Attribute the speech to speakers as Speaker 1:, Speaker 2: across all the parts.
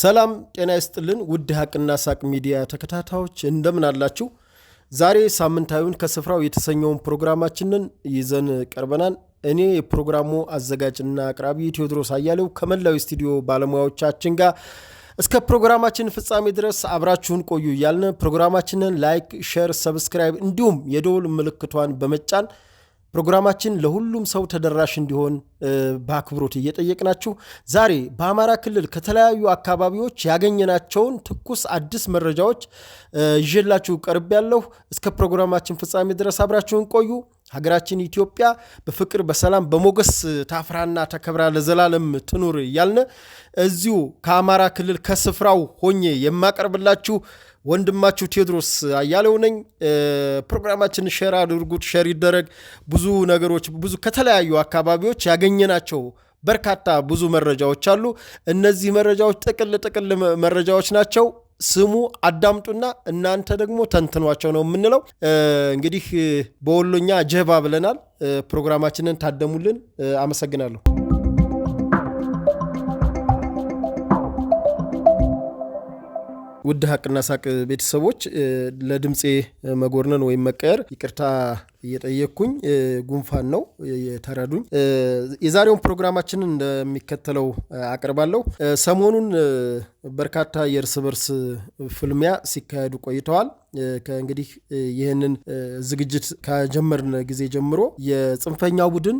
Speaker 1: ሰላም ጤና ይስጥልን ውድ ሀቅና ሳቅ ሚዲያ ተከታታዮች እንደምን አላችሁ? ዛሬ ሳምንታዊውን ከስፍራው የተሰኘውን ፕሮግራማችንን ይዘን ቀርበናል። እኔ የፕሮግራሙ አዘጋጅና አቅራቢ ቴዎድሮስ አያሌው ከመላው ስቱዲዮ ባለሙያዎቻችን ጋር እስከ ፕሮግራማችን ፍጻሜ ድረስ አብራችሁን ቆዩ እያልን ፕሮግራማችንን ላይክ፣ ሼር፣ ሰብስክራይብ እንዲሁም የደውል ምልክቷን በመጫን ፕሮግራማችን ለሁሉም ሰው ተደራሽ እንዲሆን በአክብሮት እየጠየቅናችሁ ዛሬ በአማራ ክልል ከተለያዩ አካባቢዎች ያገኘናቸውን ትኩስ አዲስ መረጃዎች ይዤላችሁ ቀርብ ያለሁ። እስከ ፕሮግራማችን ፍጻሜ ድረስ አብራችሁን ቆዩ። ሀገራችን ኢትዮጵያ በፍቅር በሰላም በሞገስ ታፍራና ተከብራ ለዘላለም ትኑር እያልን እዚሁ ከአማራ ክልል ከስፍራው ሆኜ የማቀርብላችሁ ወንድማችሁ ቴዎድሮስ አያሌው ነኝ። ፕሮግራማችን ሼር አድርጉት፣ ሼር ይደረግ። ብዙ ነገሮች ብዙ ከተለያዩ አካባቢዎች ያገኘናቸው በርካታ ብዙ መረጃዎች አሉ። እነዚህ መረጃዎች ጥቅል ጥቅል መረጃዎች ናቸው። ስሙ፣ አዳምጡና እናንተ ደግሞ ተንትኗቸው ነው የምንለው። እንግዲህ በወሎኛ ጀባ ብለናል። ፕሮግራማችንን ታደሙልን። አመሰግናለሁ። ውድ ሀቅና ሳቅ ቤተሰቦች ለድምፄ መጎርነን ወይም መቀየር ይቅርታ እየጠየቅኩኝ ጉንፋን ነው የተረዱኝ። የዛሬውን ፕሮግራማችንን እንደሚከተለው አቅርባለሁ። ሰሞኑን በርካታ የእርስ በርስ ፍልሚያ ሲካሄዱ ቆይተዋል። ከእንግዲህ ይህንን ዝግጅት ከጀመርን ጊዜ ጀምሮ የጽንፈኛው ቡድን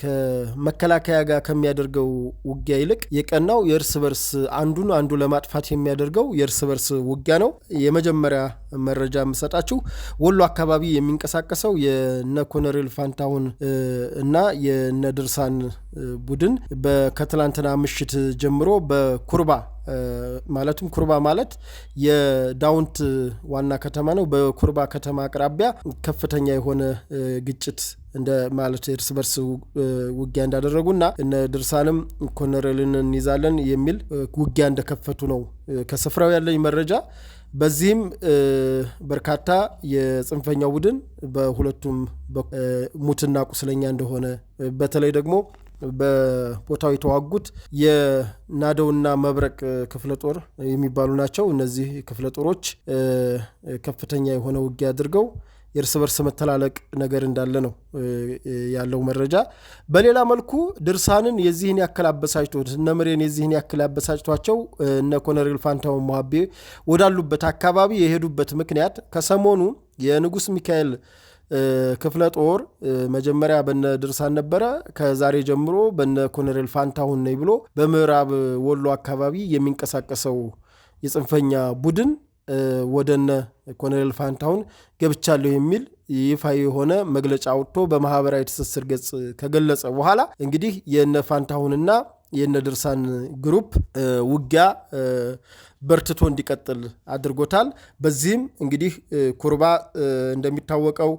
Speaker 1: ከመከላከያ ጋር ከሚያደርገው ውጊያ ይልቅ የቀናው የእርስ በርስ አንዱን አንዱ ለማጥፋት የሚያደርገው የእርስ በርስ ውጊያ ነው። የመጀመሪያ መረጃ የምሰጣችሁ ወሎ አካባቢ የሚንቀሳቀሰው የነ ኮነሬል ፋንታሁን እና የነ ድርሳን ቡድን ከትላንትና ምሽት ጀምሮ በኩርባ ማለትም ኩርባ ማለት የዳውንት ዋና ከተማ ነው። በኩርባ ከተማ አቅራቢያ ከፍተኛ የሆነ ግጭት እንደ ማለት እርስ በርስ ውጊያ እና እነ ድርሳንም ኮነረልን እንይዛለን የሚል ውጊያ እንደከፈቱ ነው ከስፍራው ያለኝ መረጃ። በዚህም በርካታ የጽንፈኛው ቡድን በሁለቱም ሙትና ቁስለኛ እንደሆነ በተለይ ደግሞ በቦታው የተዋጉት የናደውና መብረቅ ክፍለ ጦር የሚባሉ ናቸው። እነዚህ ክፍለ ጦሮች ከፍተኛ የሆነ ውጊያ አድርገው የእርስ በርስ መተላለቅ ነገር እንዳለ ነው ያለው መረጃ። በሌላ መልኩ ድርሳንን የዚህን ያክል አበሳጭቶት እነ ምሬን የዚህን ያክል ያበሳጭቷቸው እነ ኮነሬል ፋንታሁን ሞሀቤ ወዳሉበት አካባቢ የሄዱበት ምክንያት ከሰሞኑ የንጉስ ሚካኤል ክፍለ ጦር መጀመሪያ በነ ድርሳን ነበረ። ከዛሬ ጀምሮ በነ ኮሎኔል ፋንታሁን ነኝ ብሎ በምዕራብ ወሎ አካባቢ የሚንቀሳቀሰው የጽንፈኛ ቡድን ወደነ ኮሎኔል ፋንታሁን ገብቻለሁ የሚል ይፋ የሆነ መግለጫ አውጥቶ በማህበራዊ ትስስር ገጽ ከገለጸ በኋላ እንግዲህ የነ ፋንታሁንና የነ ድርሳን ግሩፕ ውጊያ በርትቶ እንዲቀጥል አድርጎታል። በዚህም እንግዲህ ኩርባ እንደሚታወቀው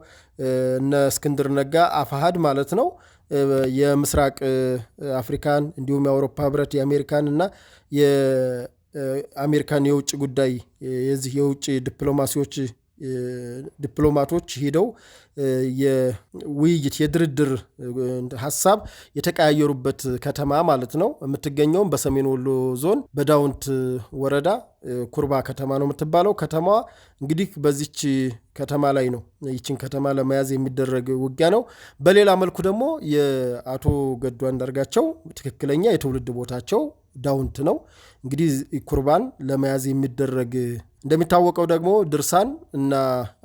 Speaker 1: እነ እስክንድር ነጋ አፋሃድ ማለት ነው የምስራቅ አፍሪካን እንዲሁም የአውሮፓ ህብረት የአሜሪካን እና የአሜሪካን የውጭ ጉዳይ የዚህ የውጭ ዲፕሎማሲዎች ዲፕሎማቶች ሄደው የውይይት የድርድር ሀሳብ የተቀያየሩበት ከተማ ማለት ነው። የምትገኘውም በሰሜን ወሎ ዞን በዳውንት ወረዳ ኩርባ ከተማ ነው የምትባለው ከተማዋ። እንግዲህ በዚች ከተማ ላይ ነው ይችን ከተማ ለመያዝ የሚደረግ ውጊያ ነው። በሌላ መልኩ ደግሞ የአቶ ገዱ አንዳርጋቸው ትክክለኛ የትውልድ ቦታቸው ዳውንት ነው። እንግዲህ ኩርባን ለመያዝ የሚደረግ እንደሚታወቀው ደግሞ ድርሳን እና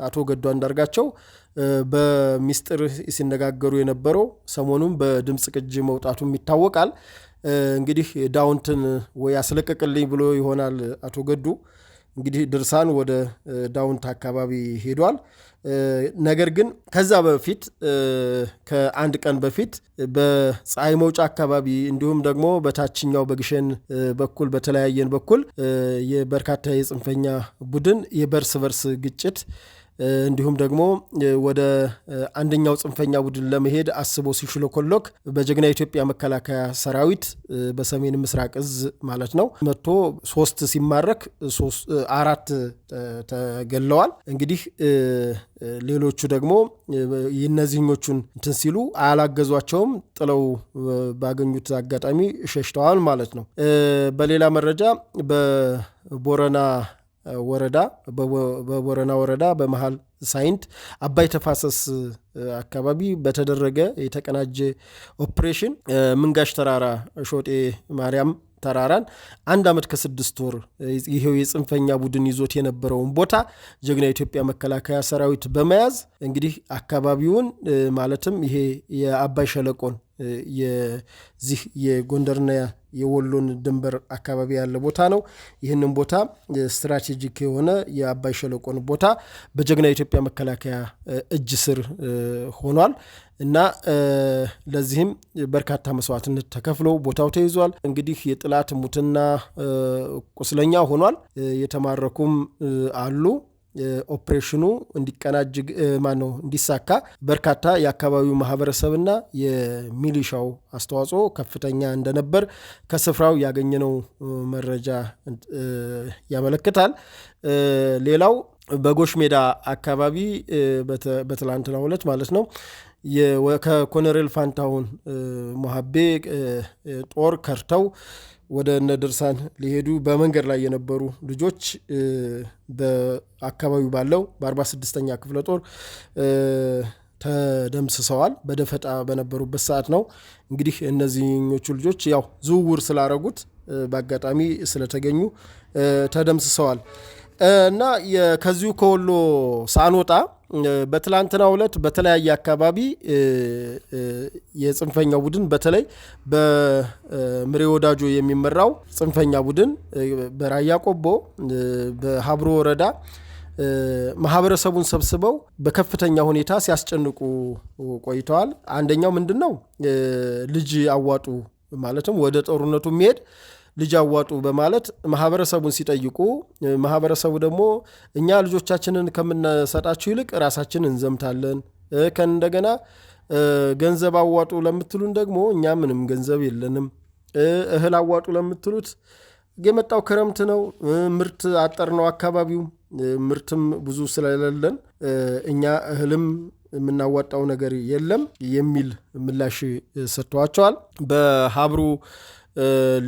Speaker 1: አቶ ገዱ አንዳርጋቸው በሚስጥር ሲነጋገሩ የነበረው ሰሞኑም በድምፅ ቅጅ መውጣቱም ይታወቃል። እንግዲህ ዳውንትን ወይ አስለቀቅልኝ ብሎ ይሆናል አቶ ገዱ። እንግዲህ ድርሳን ወደ ዳውንት አካባቢ ሄዷል። ነገር ግን ከዛ በፊት ከአንድ ቀን በፊት በፀሐይ መውጫ አካባቢ እንዲሁም ደግሞ በታችኛው በግሸን በኩል በተለያየን በኩል የበርካታ የጽንፈኛ ቡድን የበርስ በርስ ግጭት እንዲሁም ደግሞ ወደ አንደኛው ጽንፈኛ ቡድን ለመሄድ አስቦ ሲሽሎኮሎክ በጀግና የኢትዮጵያ መከላከያ ሰራዊት በሰሜን ምስራቅ እዝ ማለት ነው መጥቶ ሶስት ሲማረክ አራት ተገለዋል። እንግዲህ ሌሎቹ ደግሞ የእነዚህኞቹን እንትን ሲሉ አላገዟቸውም፣ ጥለው ባገኙት አጋጣሚ ሸሽተዋል ማለት ነው። በሌላ መረጃ በቦረና ወረዳ በቦረና ወረዳ በመሀል ሳይንት አባይ ተፋሰስ አካባቢ በተደረገ የተቀናጀ ኦፕሬሽን ምንጋሽ ተራራ ሾጤ ማርያም ተራራን አንድ ዓመት ከስድስት ወር ይሄው የጽንፈኛ ቡድን ይዞት የነበረውን ቦታ ጀግና የኢትዮጵያ መከላከያ ሰራዊት በመያዝ እንግዲህ አካባቢውን ማለትም ይሄ የአባይ ሸለቆን የዚህ የጎንደርና የወሎን ድንበር አካባቢ ያለ ቦታ ነው። ይህንን ቦታ ስትራቴጂክ የሆነ የአባይ ሸለቆን ቦታ በጀግና የኢትዮጵያ መከላከያ እጅ ስር ሆኗል እና ለዚህም በርካታ መስዋዕትነት ተከፍሎ ቦታው ተይዟል። እንግዲህ የጥላት ሙትና ቁስለኛ ሆኗል። የተማረኩም አሉ። ኦፕሬሽኑ እንዲቀናጅ ማን ነው እንዲሳካ በርካታ የአካባቢው ማህበረሰብና የሚሊሻው አስተዋጽኦ ከፍተኛ እንደነበር ከስፍራው ያገኘነው መረጃ ያመለክታል። ሌላው በጎሽ ሜዳ አካባቢ በትላንትናው ዕለት ማለት ነው ከኮነሬል ፋንታሁን ሞሀቤ ጦር ከርተው ወደ እነ ድርሳን ሊሄዱ በመንገድ ላይ የነበሩ ልጆች በአካባቢው ባለው በ46ኛ ክፍለ ጦር ተደምስሰዋል። በደፈጣ በነበሩበት ሰዓት ነው። እንግዲህ እነዚህኞቹ ልጆች ያው ዝውውር ስላረጉት በአጋጣሚ ስለተገኙ ተደምስሰዋል እና ከዚሁ ከወሎ ሳንወጣ በትላንትናው ዕለት በተለያየ አካባቢ የጽንፈኛ ቡድን በተለይ በምሬ ወዳጆ የሚመራው ጽንፈኛ ቡድን በራያ ቆቦ በሀብሮ ወረዳ ማህበረሰቡን ሰብስበው በከፍተኛ ሁኔታ ሲያስጨንቁ ቆይተዋል። አንደኛው ምንድን ነው ልጅ አዋጡ ማለትም ወደ ጦርነቱ የሚሄድ ልጅ አዋጡ በማለት ማህበረሰቡን ሲጠይቁ ማህበረሰቡ ደግሞ እኛ ልጆቻችንን ከምንሰጣችሁ ይልቅ ራሳችን እንዘምታለን እንደገና ገንዘብ አዋጡ ለምትሉን ደግሞ እኛ ምንም ገንዘብ የለንም፣ እህል አዋጡ ለምትሉት የመጣው ክረምት ነው፣ ምርት አጠር ነው አካባቢው ምርትም ብዙ ስለሌለን እኛ እህልም የምናዋጣው ነገር የለም የሚል ምላሽ ሰጥተዋቸዋል። በሀብሩ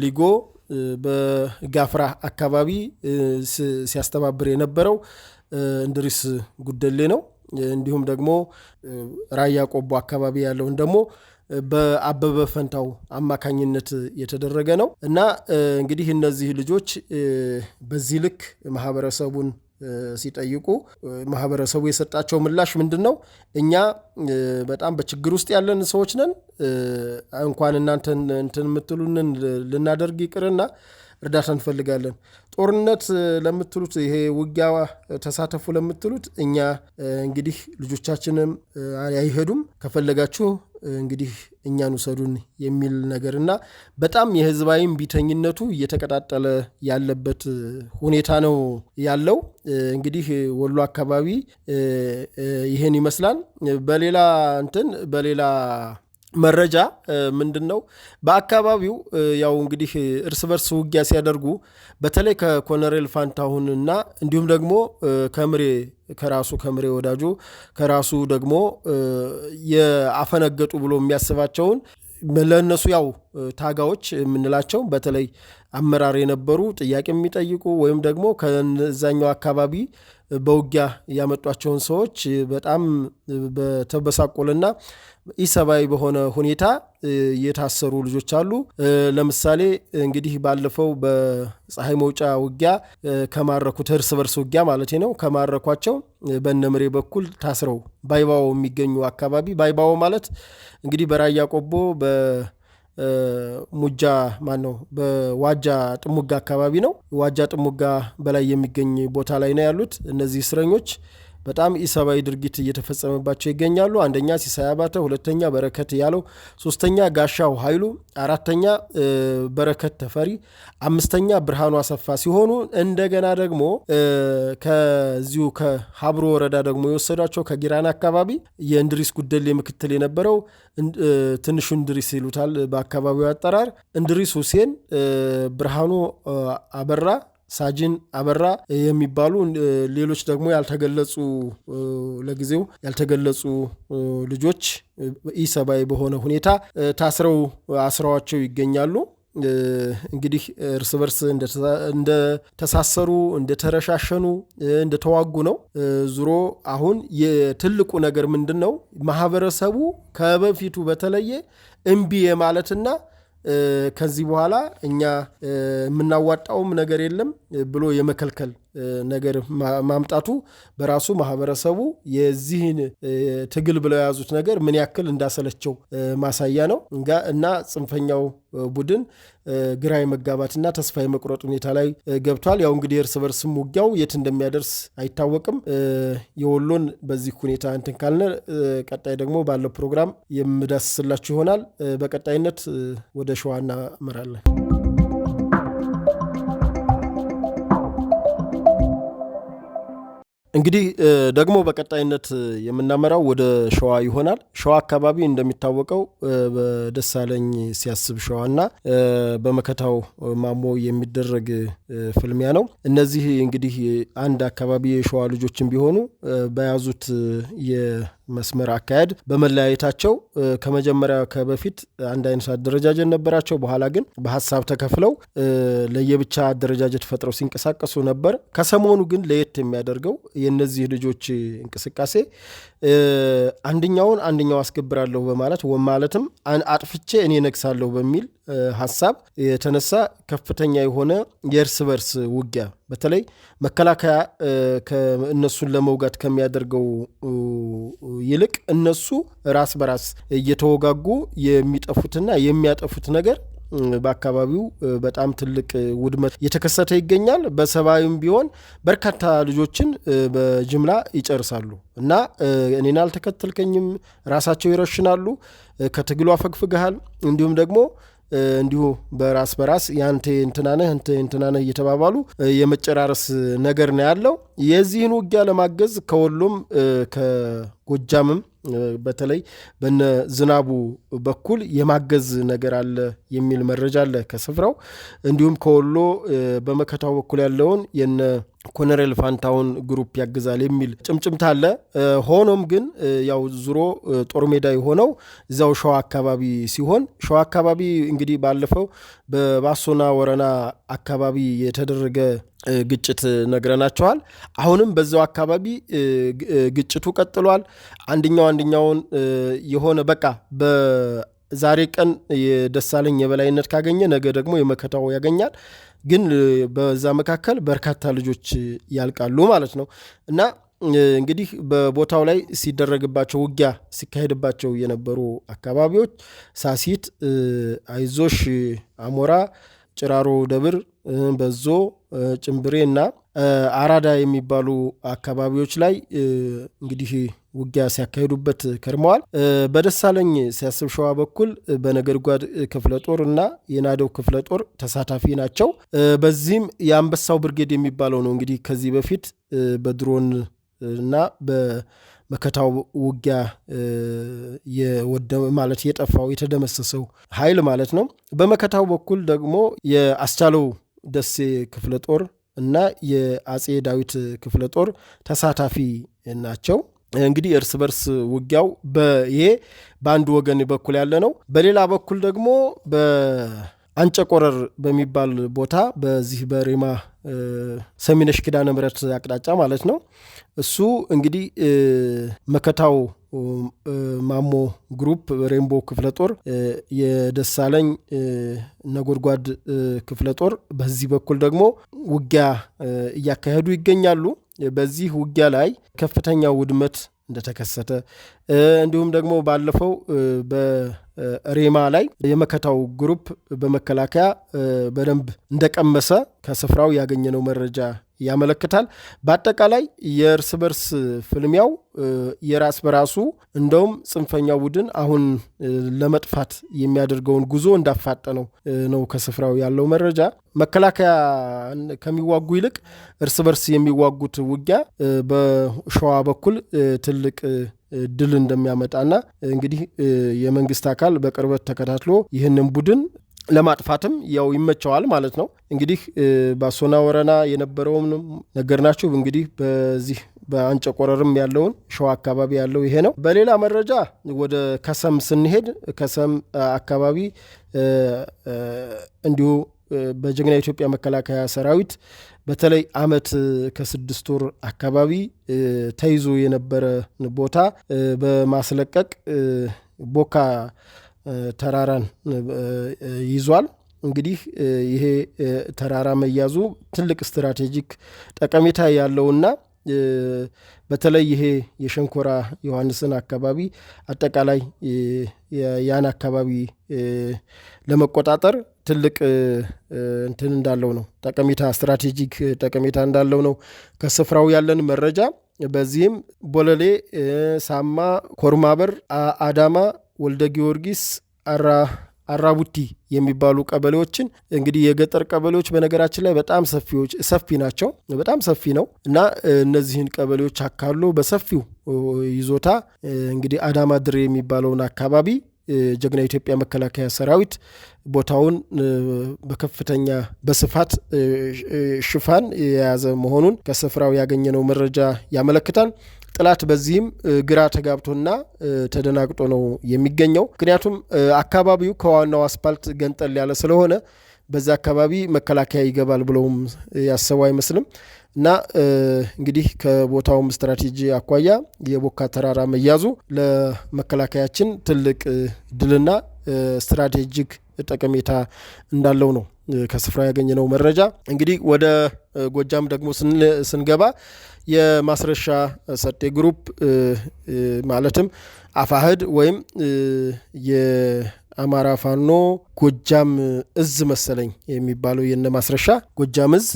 Speaker 1: ሊጎ በጋፍራ አካባቢ ሲያስተባብር የነበረው እንድሪስ ጉደሌ ነው። እንዲሁም ደግሞ ራያ ቆቦ አካባቢ ያለውን ደግሞ በአበበ ፈንታው አማካኝነት የተደረገ ነው እና እንግዲህ እነዚህ ልጆች በዚህ ልክ ማህበረሰቡን ሲጠይቁ ማህበረሰቡ የሰጣቸው ምላሽ ምንድን ነው? እኛ በጣም በችግር ውስጥ ያለን ሰዎች ነን። እንኳን እናንተን እንትን የምትሉንን ልናደርግ ይቅርና እርዳታ እንፈልጋለን። ጦርነት ለምትሉት ይሄ ውጊያ ተሳተፉ ለምትሉት እኛ እንግዲህ ልጆቻችንም አይሄዱም፣ ከፈለጋችሁ እንግዲህ እኛን ውሰዱን የሚል ነገር እና በጣም የህዝባዊም ቢተኝነቱ እየተቀጣጠለ ያለበት ሁኔታ ነው ያለው። እንግዲህ ወሎ አካባቢ ይህን ይመስላል። በሌላ እንትን በሌላ መረጃ ምንድን ነው? በአካባቢው ያው እንግዲህ እርስ በርስ ውጊያ ሲያደርጉ በተለይ ከኮነሬል ፋንታሁን እና እንዲሁም ደግሞ ከምሬ ከራሱ ከምሬ ወዳጁ ከራሱ ደግሞ የአፈነገጡ ብሎ የሚያስባቸውን ለእነሱ ያው ታጋዎች የምንላቸው በተለይ አመራር የነበሩ ጥያቄ የሚጠይቁ ወይም ደግሞ ከዛኛው አካባቢ በውጊያ ያመጧቸውን ሰዎች በጣም በተበሳቆልና ኢሰብአዊ በሆነ ሁኔታ የታሰሩ ልጆች አሉ። ለምሳሌ እንግዲህ ባለፈው በፀሐይ መውጫ ውጊያ ከማረኩት እርስ በርስ ውጊያ ማለት ነው ከማረኳቸው በነምሬ በኩል ታስረው ባይባው የሚገኙ አካባቢ ባይባው ማለት እንግዲህ በራያ ቆቦ ሙጃ ማን ነው በዋጃ ጥሙጋ አካባቢ ነው። ዋጃ ጥሙጋ በላይ የሚገኝ ቦታ ላይ ነው ያሉት እነዚህ እስረኞች። በጣም ኢሰብአዊ ድርጊት እየተፈጸመባቸው ይገኛሉ። አንደኛ ሲሳይ አባተ፣ ሁለተኛ በረከት ያለው፣ ሶስተኛ ጋሻው ኃይሉ፣ አራተኛ በረከት ተፈሪ፣ አምስተኛ ብርሃኑ አሰፋ ሲሆኑ እንደገና ደግሞ ከዚሁ ከሀብሮ ወረዳ ደግሞ የወሰዷቸው ከጊራና አካባቢ የእንድሪስ ጉደሌ ምክትል የነበረው ትንሹ እንድሪስ ይሉታል በአካባቢው አጠራር እንድሪስ ሁሴን፣ ብርሃኑ አበራ ሳጅን አበራ የሚባሉ ሌሎች ደግሞ ያልተገለጹ ለጊዜው ያልተገለጹ ልጆች ኢሰብአዊ በሆነ ሁኔታ ታስረው አስረዋቸው ይገኛሉ። እንግዲህ እርስ በርስ እንደተሳሰሩ እንደተረሻሸኑ እንደተዋጉ ነው። ዙሮ አሁን የትልቁ ነገር ምንድን ነው? ማህበረሰቡ ከበፊቱ በተለየ እምቢ የማለትና ከዚህ በኋላ እኛ የምናዋጣውም ነገር የለም ብሎ የመከልከል ነገር ማምጣቱ በራሱ ማህበረሰቡ የዚህን ትግል ብለው የያዙት ነገር ምን ያክል እንዳሰለቸው ማሳያ ነው እና ጽንፈኛው ቡድን ግራ የመጋባትና ተስፋ የመቁረጥ ሁኔታ ላይ ገብቷል። ያው እንግዲህ እርስ በርስም ውጊያው የት እንደሚያደርስ አይታወቅም። የወሎን በዚህ ሁኔታ እንትን ካልነ ቀጣይ ደግሞ ባለው ፕሮግራም የምዳስስላችሁ ይሆናል። በቀጣይነት ወደ ሸዋ እናመራለን። እንግዲህ ደግሞ በቀጣይነት የምናመራው ወደ ሸዋ ይሆናል። ሸዋ አካባቢ እንደሚታወቀው በደሳለኝ ሲያስብ ሸዋ እና በመከታው ማሞ የሚደረግ ፍልሚያ ነው። እነዚህ እንግዲህ አንድ አካባቢ የሸዋ ልጆችን ቢሆኑ በያዙት መስመር አካሄድ በመለያየታቸው ከመጀመሪያ ከበፊት አንድ አይነት አደረጃጀት ነበራቸው። በኋላ ግን በሀሳብ ተከፍለው ለየብቻ አደረጃጀት ፈጥረው ሲንቀሳቀሱ ነበር። ከሰሞኑ ግን ለየት የሚያደርገው የእነዚህ ልጆች እንቅስቃሴ አንድኛውን አንድኛው አስገብራለሁ በማለት ማለትም አጥፍቼ እኔ ነግሳለሁ በሚል ሀሳብ የተነሳ ከፍተኛ የሆነ የእርስ በርስ ውጊያ በተለይ መከላከያ እነሱን ለመውጋት ከሚያደርገው ይልቅ እነሱ ራስ በራስ እየተወጋጉ የሚጠፉትና የሚያጠፉት ነገር በአካባቢው በጣም ትልቅ ውድመት እየተከሰተ ይገኛል። በሰብአዊም ቢሆን በርካታ ልጆችን በጅምላ ይጨርሳሉ እና እኔን አልተከተልከኝም፣ ራሳቸው ይረሽናሉ፣ ከትግሉ አፈግፍግሃል እንዲሁም ደግሞ እንዲሁ በራስ በራስ ያንተ እንትናነህ እንተ እንትናነህ እየተባባሉ የመጨራረስ ነገር ነው ያለው። የዚህን ውጊያ ለማገዝ ከወሎም ከጎጃምም በተለይ በነ ዝናቡ በኩል የማገዝ ነገር አለ የሚል መረጃ አለ ከስፍራው። እንዲሁም ከወሎ በመከታው በኩል ያለውን የነ ኮነሬል ፋንታውን ግሩፕ ያግዛል የሚል ጭምጭምታ አለ። ሆኖም ግን ያው ዙሮ ጦር ሜዳ የሆነው እዚያው ሸዋ አካባቢ ሲሆን ሸዋ አካባቢ እንግዲህ ባለፈው በባሶና ወረና አካባቢ የተደረገ ግጭት ነግረናቸዋል። አሁንም በዛው አካባቢ ግጭቱ ቀጥሏል። አንደኛው አንደኛውን የሆነ በቃ ዛሬ ቀን የደሳለኝ የበላይነት ካገኘ ነገ ደግሞ የመከታው ያገኛል። ግን በዛ መካከል በርካታ ልጆች ያልቃሉ ማለት ነው እና እንግዲህ በቦታው ላይ ሲደረግባቸው ውጊያ ሲካሄድባቸው የነበሩ አካባቢዎች ሳሲት፣ አይዞሽ፣ አሞራ፣ ጭራሮ ደብር፣ በዞ፣ ጭምብሬ እና አራዳ የሚባሉ አካባቢዎች ላይ እንግዲህ ውጊያ ሲያካሄዱበት ከርመዋል። በደሳለኝ ሲያስብ ሸዋ በኩል በነገድ ጓድ ክፍለ ጦር እና የናደው ክፍለ ጦር ተሳታፊ ናቸው። በዚህም የአንበሳው ብርጌድ የሚባለው ነው እንግዲህ ከዚህ በፊት በድሮን እና በመከታው ውጊያ የወደመ ማለት የጠፋው የተደመሰሰው ኃይል ማለት ነው። በመከታው በኩል ደግሞ የአስቻለው ደሴ ክፍለ ጦር እና የአጼ ዳዊት ክፍለ ጦር ተሳታፊ ናቸው። እንግዲህ እርስ በርስ ውጊያው በይሄ በአንድ ወገን በኩል ያለ ነው። በሌላ በኩል ደግሞ በአንጨቆረር በሚባል ቦታ በዚህ በሬማ ሰሚነሽ ኪዳነ ምሕረት አቅጣጫ ማለት ነው። እሱ እንግዲህ መከታው ማሞ ግሩፕ ሬንቦ ክፍለ ጦር የደሳለኝ ነጎድጓድ ክፍለ ጦር በዚህ በኩል ደግሞ ውጊያ እያካሄዱ ይገኛሉ። በዚህ ውጊያ ላይ ከፍተኛ ውድመት እንደተከሰተ እንዲሁም ደግሞ ባለፈው በሬማ ላይ የመከታው ግሩፕ በመከላከያ በደንብ እንደቀመሰ ከስፍራው ያገኘነው መረጃ ያመለክታል። በአጠቃላይ የእርስ በርስ ፍልሚያው የራስ በራሱ እንደውም ጽንፈኛው ቡድን አሁን ለመጥፋት የሚያደርገውን ጉዞ እንዳፋጠነው ነው ከስፍራው ያለው መረጃ። መከላከያ ከሚዋጉ ይልቅ እርስ በርስ የሚዋጉት ውጊያ በሸዋ በኩል ትልቅ ድል እንደሚያመጣና እንግዲህ የመንግስት አካል በቅርበት ተከታትሎ ይህንን ቡድን ለማጥፋትም ያው ይመቸዋል ማለት ነው። እንግዲህ ባሶና ወረና የነበረውም ነገርናችሁ። እንግዲህ በዚህ በአንጨ ቆረርም ያለውን ሸዋ አካባቢ ያለው ይሄ ነው። በሌላ መረጃ ወደ ከሰም ስንሄድ ከሰም አካባቢ እንዲሁ በጀግና የኢትዮጵያ መከላከያ ሰራዊት በተለይ አመት ከስድስት ወር አካባቢ ተይዞ የነበረ ቦታ በማስለቀቅ ቦካ ተራራን ይዟል። እንግዲህ ይሄ ተራራ መያዙ ትልቅ ስትራቴጂክ ጠቀሜታ ያለውና በተለይ ይሄ የሸንኮራ ዮሐንስን አካባቢ አጠቃላይ ያን አካባቢ ለመቆጣጠር ትልቅ እንትን እንዳለው ነው ጠቀሜታ ስትራቴጂክ ጠቀሜታ እንዳለው ነው ከስፍራው ያለን መረጃ። በዚህም ቦለሌ፣ ሳማ፣ ኮርማበር፣ አዳማ ወልደ ጊዮርጊስ አራ አራቡቲ የሚባሉ ቀበሌዎችን እንግዲህ የገጠር ቀበሌዎች በነገራችን ላይ በጣም ሰፊዎች ሰፊ ናቸው። በጣም ሰፊ ነው እና እነዚህን ቀበሌዎች አካሎ በሰፊው ይዞታ እንግዲህ አዳማ ድሬ የሚባለውን አካባቢ ጀግና የኢትዮጵያ መከላከያ ሰራዊት ቦታውን በከፍተኛ በስፋት ሽፋን የያዘ መሆኑን ከስፍራው ያገኘነው መረጃ ያመለክታል። ጥላት በዚህም ግራ ተጋብቶና ተደናግጦ ነው የሚገኘው። ምክንያቱም አካባቢው ከዋናው አስፓልት ገንጠል ያለ ስለሆነ በዛ አካባቢ መከላከያ ይገባል ብለውም ያሰቡ አይመስልም። እና እንግዲህ ከቦታውም ስትራቴጂ አኳያ የቦካ ተራራ መያዙ ለመከላከያችን ትልቅ ድልና ስትራቴጂክ ጠቀሜታ እንዳለው ነው ከስፍራ ያገኘነው መረጃ። እንግዲህ ወደ ጎጃም ደግሞ ስንገባ የማስረሻ ሰጤ ግሩፕ ማለትም አፋህድ ወይም የአማራ ፋኖ ጎጃም እዝ መሰለኝ የሚባለው የነ ማስረሻ ጎጃም እዝ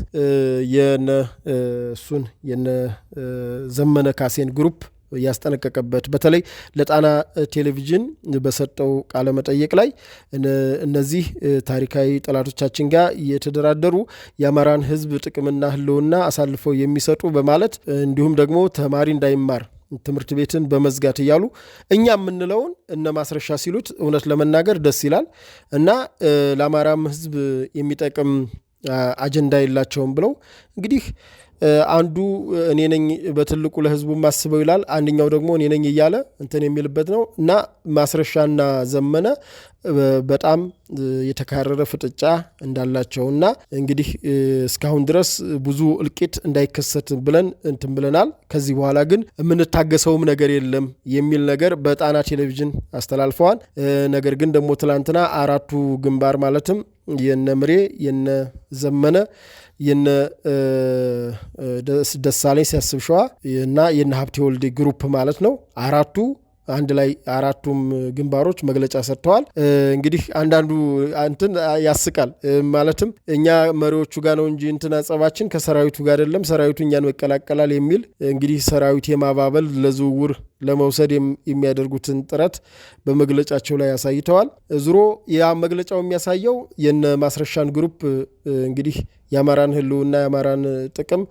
Speaker 1: የነ እሱን የነ ዘመነ ካሴን ግሩፕ ያስጠነቀቀበት በተለይ ለጣና ቴሌቪዥን በሰጠው ቃለ መጠየቅ ላይ እነዚህ ታሪካዊ ጠላቶቻችን ጋር የተደራደሩ የአማራን ሕዝብ ጥቅምና ሕልውና አሳልፈው የሚሰጡ በማለት እንዲሁም ደግሞ ተማሪ እንዳይማር ትምህርት ቤትን በመዝጋት እያሉ እኛ የምንለውን እነ ማስረሻ ሲሉት እውነት ለመናገር ደስ ይላል እና ለአማራም ሕዝብ የሚጠቅም አጀንዳ የላቸውም ብለው እንግዲህ አንዱ እኔ ነኝ በትልቁ ለህዝቡ ማስበው ይላል፣ አንደኛው ደግሞ እኔ ነኝ እያለ እንትን የሚልበት ነው እና ማስረሻና ዘመነ በጣም የተካረረ ፍጥጫ እንዳላቸው እና እንግዲህ እስካሁን ድረስ ብዙ እልቂት እንዳይከሰት ብለን እንትን ብለናል። ከዚህ በኋላ ግን የምንታገሰውም ነገር የለም የሚል ነገር በጣና ቴሌቪዥን አስተላልፈዋል። ነገር ግን ደግሞ ትላንትና አራቱ ግንባር ማለትም የነ ምሬ የነ ዘመነ የነ ደሳለኝ ሲያስብ ሸዋ እና የነ ሀብቴ ወልዴ ግሩፕ ማለት ነው አራቱ አንድ ላይ አራቱም ግንባሮች መግለጫ ሰጥተዋል። እንግዲህ አንዳንዱ እንትን ያስቃል። ማለትም እኛ መሪዎቹ ጋር ነው እንጂ እንትን አጸባችን ከሰራዊቱ ጋር አይደለም፣ ሰራዊቱ እኛን መቀላቀላል የሚል እንግዲህ ሰራዊት የማባበል ለዝውውር ለመውሰድ የሚያደርጉትን ጥረት በመግለጫቸው ላይ አሳይተዋል። ዙሮ ያ መግለጫው የሚያሳየው የነ ማስረሻን ግሩፕ እንግዲህ የአማራን ሕልውና የአማራን ጥቅም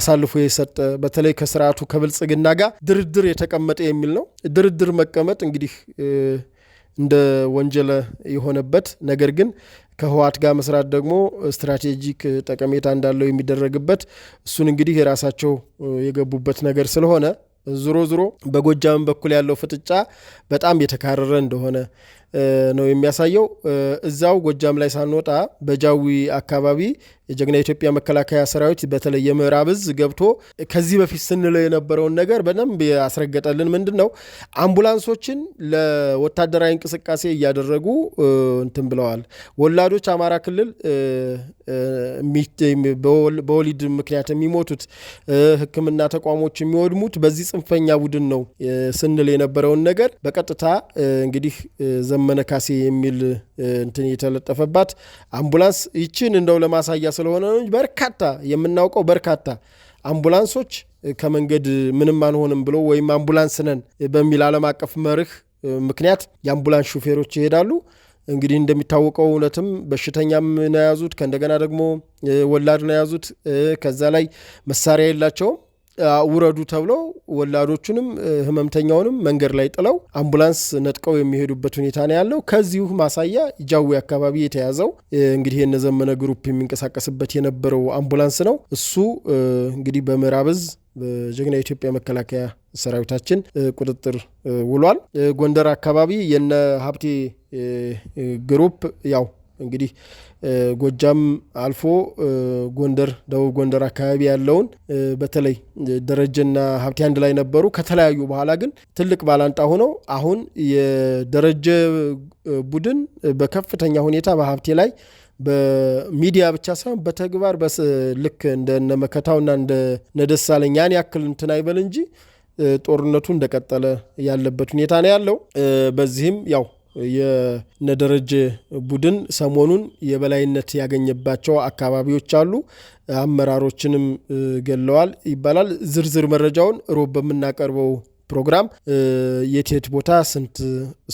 Speaker 1: አሳልፎ የሰጠ በተለይ ከስርዓቱ ከብልጽግና ጋር ድርድር የተቀመጠ የሚል ነው። ድርድር መቀመጥ እንግዲህ እንደ ወንጀለ የሆነበት ነገር ግን ከህወሓት ጋር መስራት ደግሞ ስትራቴጂክ ጠቀሜታ እንዳለው የሚደረግበት እሱን እንግዲህ የራሳቸው የገቡበት ነገር ስለሆነ ዞሮ ዞሮ በጎጃም በኩል ያለው ፍጥጫ በጣም የተካረረ እንደሆነ ነው የሚያሳየው። እዛው ጎጃም ላይ ሳንወጣ በጃዊ አካባቢ የጀግና የኢትዮጵያ መከላከያ ሰራዊት በተለይ የምዕራብ እዝ ገብቶ ከዚህ በፊት ስንለው የነበረውን ነገር በደንብ ያስረገጠልን ምንድን ነው አምቡላንሶችን ለወታደራዊ እንቅስቃሴ እያደረጉ እንትን ብለዋል። ወላዶች አማራ ክልል በወሊድ ምክንያት የሚሞቱት ሕክምና ተቋሞች የሚወድሙት በዚህ ጽንፈኛ ቡድን ነው ስንል የነበረውን ነገር በቀጥታ እንግዲህ ዘመነ ካሴ የሚል እንትን የተለጠፈባት አምቡላንስ ይችን እንደው ለማሳያ ስለሆነ በርካታ የምናውቀው በርካታ አምቡላንሶች ከመንገድ ምንም አንሆንም ብሎ ወይም አምቡላንስ ነን በሚል ዓለም አቀፍ መርህ ምክንያት የአምቡላንስ ሹፌሮች ይሄዳሉ። እንግዲህ እንደሚታወቀው እውነትም በሽተኛም ነው የያዙት፣ ከእንደገና ደግሞ ወላድ ነው የያዙት። ከዛ ላይ መሳሪያ የላቸውም። ውረዱ ተብለው ወላዶቹንም ህመምተኛውንም መንገድ ላይ ጥለው አምቡላንስ ነጥቀው የሚሄዱበት ሁኔታ ነው ያለው። ከዚሁ ማሳያ ጃዊ አካባቢ የተያዘው እንግዲህ የነዘመነ ግሩፕ የሚንቀሳቀስበት የነበረው አምቡላንስ ነው። እሱ እንግዲህ በምዕራብ እዝ በጀግና የኢትዮጵያ መከላከያ ሰራዊታችን ቁጥጥር ውሏል። ጎንደር አካባቢ የነ ሀብቴ ግሩፕ ያው እንግዲህ ጎጃም አልፎ ጎንደር፣ ደቡብ ጎንደር አካባቢ ያለውን በተለይ ደረጀና ሀብቴ አንድ ላይ ነበሩ። ከተለያዩ በኋላ ግን ትልቅ ባላንጣ ሆነው አሁን የደረጀ ቡድን በከፍተኛ ሁኔታ በሀብቴ ላይ በሚዲያ ብቻ ሳይሆን በተግባር ልክ እንደነ መከታውና እንደነ ያን ያክል እንትን አይበል እንጂ ጦርነቱ እንደቀጠለ ያለበት ሁኔታ ነው ያለው። በዚህም ያው የነደረጀ ቡድን ሰሞኑን የበላይነት ያገኘባቸው አካባቢዎች አሉ። አመራሮችንም ገለዋል ይባላል። ዝርዝር መረጃውን ሮብ በምናቀርበው ፕሮግራም የት የት ቦታ ስንት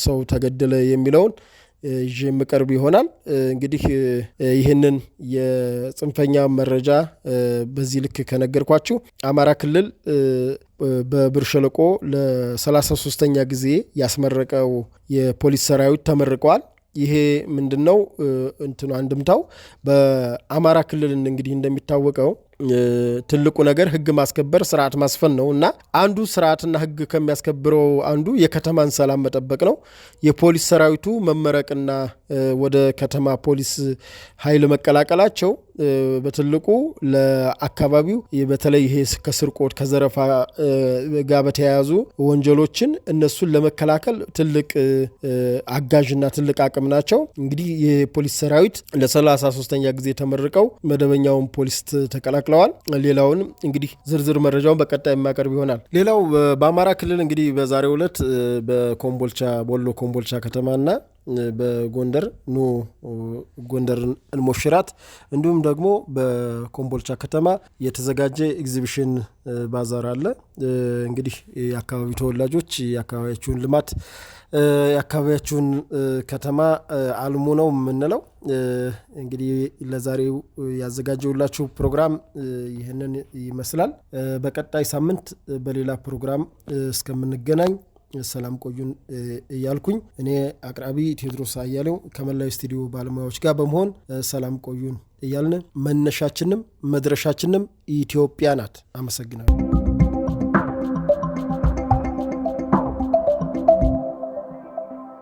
Speaker 1: ሰው ተገደለ የሚለውን ይዤ የምቀርብ ይሆናል። እንግዲህ ይህንን የጽንፈኛ መረጃ በዚህ ልክ ከነገርኳችሁ አማራ ክልል በብር ሸለቆ ለ33ኛ ጊዜ ያስመረቀው የፖሊስ ሰራዊት ተመርቀዋል። ይሄ ምንድን ነው እንትኑ አንድምታው በአማራ ክልል እንግዲህ እንደሚታወቀው ትልቁ ነገር ህግ ማስከበር ስርዓት ማስፈን ነው እና አንዱ ስርዓትና ህግ ከሚያስከብረው አንዱ የከተማን ሰላም መጠበቅ ነው። የፖሊስ ሰራዊቱ መመረቅና ወደ ከተማ ፖሊስ ኃይል መቀላቀላቸው በትልቁ ለአካባቢው በተለይ ይሄ ከስርቆት ከዘረፋ ጋር በተያያዙ ወንጀሎችን እነሱን ለመከላከል ትልቅ አጋዥና ትልቅ አቅም ናቸው። እንግዲህ የፖሊስ ሰራዊት ለ 3 ኛ ጊዜ ተመርቀው መደበኛውን ፖሊስ ተቀላ። ተቀላቅለዋል። ሌላውን እንግዲህ ዝርዝር መረጃውን በቀጣይ የሚያቀርብ ይሆናል። ሌላው በአማራ ክልል እንግዲህ በዛሬው ዕለት በኮምቦልቻ ቦሎ ኮምቦልቻ ከተማና በጎንደር ኑ ጎንደርን እንሞሽራት እንዲሁም ደግሞ በኮምቦልቻ ከተማ የተዘጋጀ ኤግዚቢሽን ባዛር አለ። እንግዲህ የአካባቢው ተወላጆች የአካባቢያችሁን ልማት የአካባቢያችሁን ከተማ አልሙ ነው የምንለው። እንግዲህ ለዛሬው ያዘጋጀውላችሁ ፕሮግራም ይህንን ይመስላል። በቀጣይ ሳምንት በሌላ ፕሮግራም እስከምንገናኝ ሰላም ቆዩን እያልኩኝ እኔ አቅራቢ ቴዎድሮስ አያሌው ከመላው ስቱዲዮ ባለሙያዎች ጋር በመሆን ሰላም ቆዩን እያልን መነሻችንም መድረሻችንም ኢትዮጵያ ናት። አመሰግናለሁ።